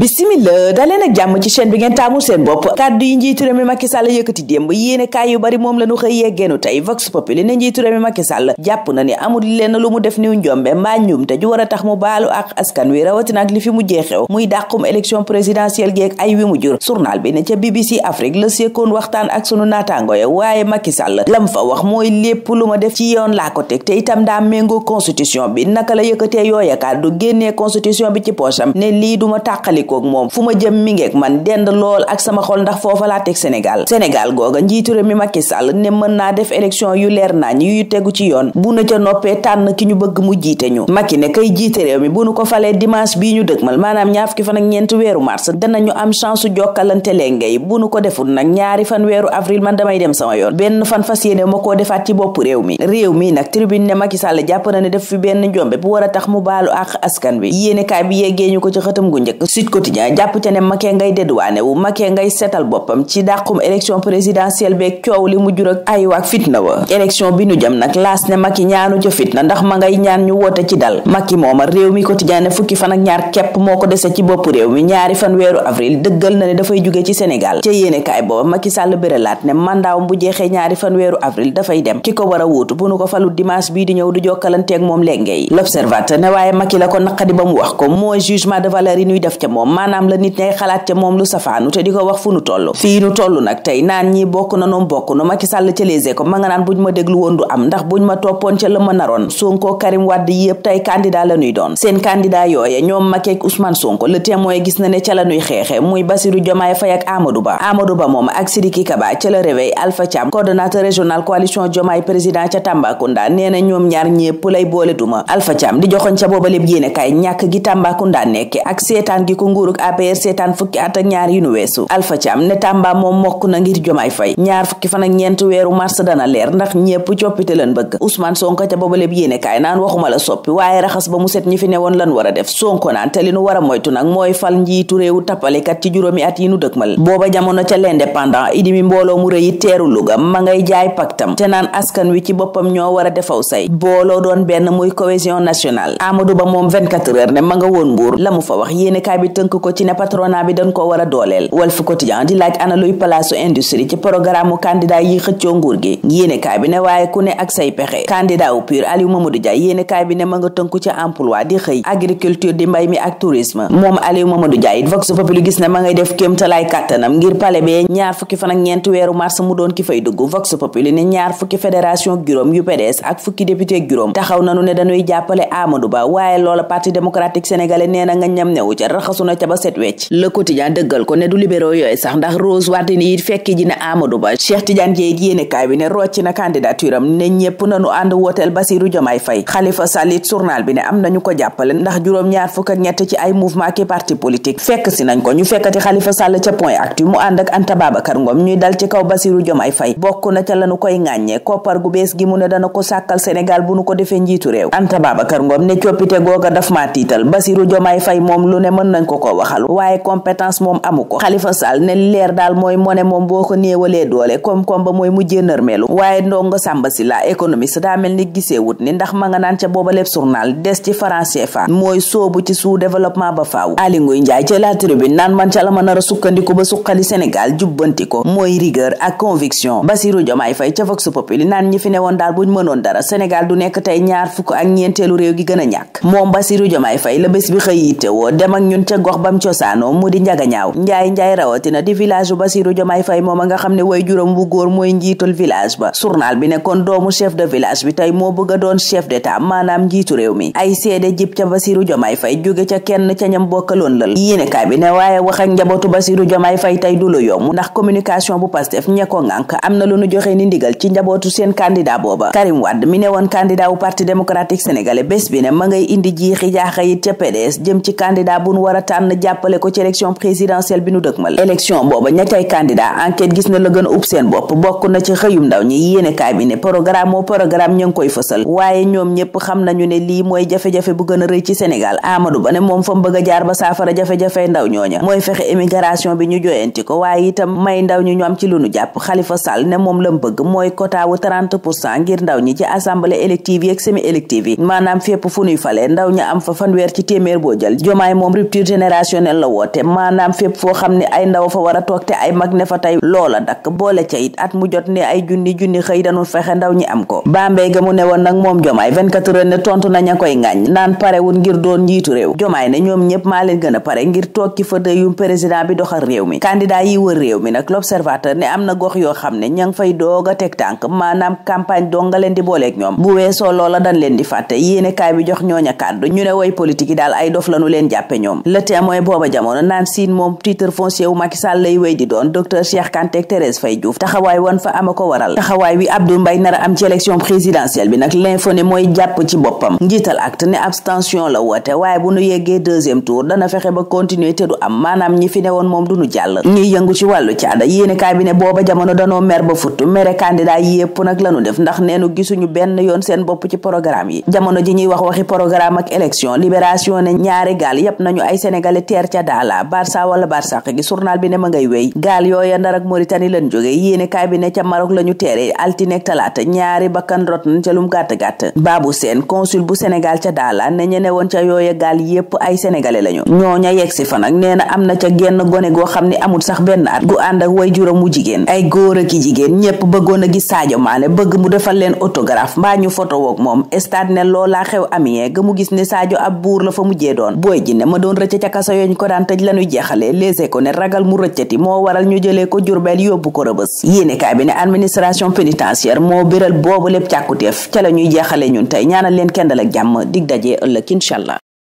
bisimila daleen ak jàmm ci chaîne bi ngeen taamul seen bopp kàddu yi njiitu réew mi Macky Sall yëkkati démb yéene kaay yu bari moom la ñu xëy yeggeenu tey vox populi ne njiitu réew mi Macky Sall jàpp na ni amul lenn lu mu def niw njombe mbaa ñum te ju war a tax mu baalu ak askan wi rawatina ak li fi mu jeexew muy dàqum élection présidentielle geeg ay wi mu jur journal bi ne ca BBC Afrique la sekoon waxtaan ak sunu naataango ya waaye Macky Sall lam fa wax mooy lépp lu ma def ci yoon laa ko teg te itam daa méngoo constitution bi naka la yëkkatee yooya kàddu génnee constitution bi ci poosam ne lii duma tàqali jëfandikook moom fu ma jëm mi ngeek man dend lool ak sama xol ndax foofa laa teg Sénégal googa njiitu mi Macky Sall ne mën naa def élection yu leer nañ yu tegu ci yoon bu nu ko falee dimanche bii ñu dëgmal maanaam ñaar fukki fan ak ñeent weeru mars danañu am chance su jokkalante lengay bu nu ko deful nag ñaari fan weeru avril man damay dem sama yoon benn fan fas yéene ma koo defaat ci bopp réew mi réew mi nag tribune ne Macky Sall jàpp ne a quotidien jàpp ca ne makee ngay dédduwaane wu makee ngay seetal boppam ci dàqum élection présidentielle beeg coow li mu jur ak fitna wa élection bi nu jëm nag laas ne maki ñaanu ca fitna ndax ma ngay ñaan ñu ci dal maki mooma réew mi quotidien ne fukki fan ak ñaar ci bopp réew mi a wuutu nu ko falu dimanche bii di ñëw du jokkalanteeg moom léngey l'observateur ne waaye Macky la ko naqadi ba mu wax ko mooy jugement de valeur yi def ca moom moom maanaam la nit ñay xalaat ca moom lu safaanu te di ko wax fu nu toll fii nu toll nag tey naan ñi bokk na noom bokk nu Macky Sall ca Les Échos ma nga naan buñ ma déglu woon am ndax buñ ma toppoon ca la ma naroon muy Bassirou Diomaye Faye ak Amadou Ba Amadou Ba moom ak Sidiki Kaba ca la Réveil Alpha Thiam coordonnateur régional coalition Diomaye président ca Tambacounda nee na ñoom ñaar ñépp lay boole duma Alpha di joxoñ ca boobaleb yéene kaay ñàkk nguurug APR seetaan fukki at ak ñaar yu nu weesu Alpha Thiam ne Tamba moom mokk na ngir jomaay fay ñaar fukki fan ak ñeent weeru mars dana leer ndax ñépp coppite lan bëgg Ousmane Sonko ca boobaleb yéenekaay naan waxuma la soppi waaye raxas ba mu set ñi fi newoon lan war a def Sonko naan te nu war a moytu nag mooy fal njiitu réewu tappalekat ci juróomi at yi nu dëkkmal booba jamono ca l'indépendant idi mi mbooloo mu rëy teeru Louga ma ngay jaay a defaw say tënk ko ci ne patronat bi dañ koo war a dooleel Walf Quotidien di laaj ana luy palaasu industrie ci programme candidat yi xëccoo nguur gi yéenekaay bi ne waaye ku ne ak say pexe candidat wu PUR Aliou Mamadou Dia yéenekaay bi ne ma nga tënku ci emploi di xëy agriculture di mbay mi ak tourisme moom Aliou Mamadou Dia it Vox Populi gis ne ma ngay def kéemtalaay kàttanam ngir pale bee ñaar fukki fan ak weeru mars mu doon ki fay dugg Vox na ca ba set wecc le quotidien dëggal ko ne du libéraux yooyu sax ndax Rose Wardini it fekki ji na Amadou Ba Cheikh Tidiane Dièye it yéene kaay bi ne rocc na candidature am ne juróom-ñaar fukk ñett ci ay mouvement ki parti politique fekk si nañ ko ñu fekkati Khalifa Sall ca point actu mu ànd ak Anta Babacar Ngom ñuy dal ci kaw Bassirou Diomaye Faye bokk na ca lañu koy ŋàññe koppar gu bees gi ne dana ko sàkkal Sénégal bu nu ko defee njiitu réew Anta Babacar Ngom ne coppite googa daf ma tiital Bassirou Diomaye Faye moom lu ne mën nañ ko ko waxal waaye compétence moom amu ko xalifa sall ne leer daal mooy moom boo ko néewalee doole koom-koom ba mooy mujjee nërmeelu waaye ndongo sàmba si la économiste daa mel ma nga naan ca booba lépp journal des ci mooy soobu ci sous développement ba faaw Aly Ngouille Ndiaye ca la naan man ca la ma nar a sukkandiku ba suqali Sénégal jubbanti ko mooy rigueur ak conviction Bassirou Diomaye Faye ca Vox Populi naan ñi fi ne woon daal buñ mënoon dara Sénégal du nekk tey ñaar fukk ak ñeenteelu a gox bam cosaanoo mu di njaga ñaaw njaay njaay rawatina di village bu Basiru Jomaay Fay a nga xam ne way ba journal bi ne kon doomu chef de village bi tey moo bëgg a doon chef d'état maanaam njiitu réew mi ay seede jib ca Basiru Jomaay Fay jóge ca kenn ca ñam bokkaloon lal yéenekaay bi ne waaye wax njabootu Basiru Jomaay Fay tey du lu yomb ndax communication bu Pastef ña ko ngànk am na lu nu joxe ni ndigal ci njabootu seen candidat booba Karim Wade mi ne woon candidat wu Parti démocratique sénégalais a tànn jàppale ko ci élection présidentielle bi nu dëgmal élection booba ña cay candidat enquête gis na la gën a ub seen bopp bokk na ci xëyum ndaw ñi yéenekaay bi ne programme moo programme ña a a semi élective yi maanaam fépp fu nuy fale ndaw ña am fa fanweer ci téeméer boo jël jomaay moom rupture générale intergénérationnel la woote maanaam fépp foo xam ne ay ndaw fa war a toog te ay mag ne fa tey loola dakk boole ca it at mu jot ne ay junni junni xëy danul fexe ndaw ñi am ko Bambey ga mu ne woon nag moom jomaay ne tontu naña koy ngàññ naan parewul ngir doon njiitu réew jomaay ne ñoom ñëpp maa leen gën a pare ngir toog ci fëdda président bi doxal réew mi candidat yi wër réew mi nag l'observateur ne am na gox yoo xam ne ña fay doog a teg tànk maanaam campagne ca mooy booba jamono naan siin moom titre foncier wu Macky lay wéy di doon docteur Cheikh Kanté ak Thérèse Faye Diouf taxawaay woon fa ama ko waral taxawaay wi Abdoul Mbaye nar a am ci élection présidentielle bi nag l'info ne mooy jàpp ci boppam njiital acte ne abstention la woote waaye bu nu yeggee deuxième tour dana fexe ba continuité du am maanaam ñi fi ne woon moom du nu jàll ñuy yëngu ci wàllu caada yéene bi ne booba jamono danoo mer ba futt mere sénégalais teer ca daala barça wala barsàq gi journal bi ne ma ngay wéy gaal yooya ndar ak baabu seen consul bu sénégal ca daala ne ñene woon ca yooya gaal yépp ay sénégalais lañu ñooña yegg si fa nag nee na am na ca genn gone goo xam ne amul sax benn at gu ànd ak way juróom mu jigéen ay góor ak i jigéen ñépp bëggoon a gis Sadio Mané bëgg mu defal leen autographe mbaa ñu photo woog moom stade ne loolaa xew amien ga mu gis ne Sadio ab buur la fa mujjee doon booy ji ma doon rëcc ca kaso yooñ ko daan tëj lañuy jeexale Les ko ne ragal mu rëccati moo waral ñu jëlee ko Jurbel yóbbu ko Rëbës yéenekaay bi ne administration pénitentiaire moo biral boobu lépp càkkutéef ca la ñuy jeexale ñun tey ñaanal leen kenn ak jàmm dig dajee ëllëg incha allah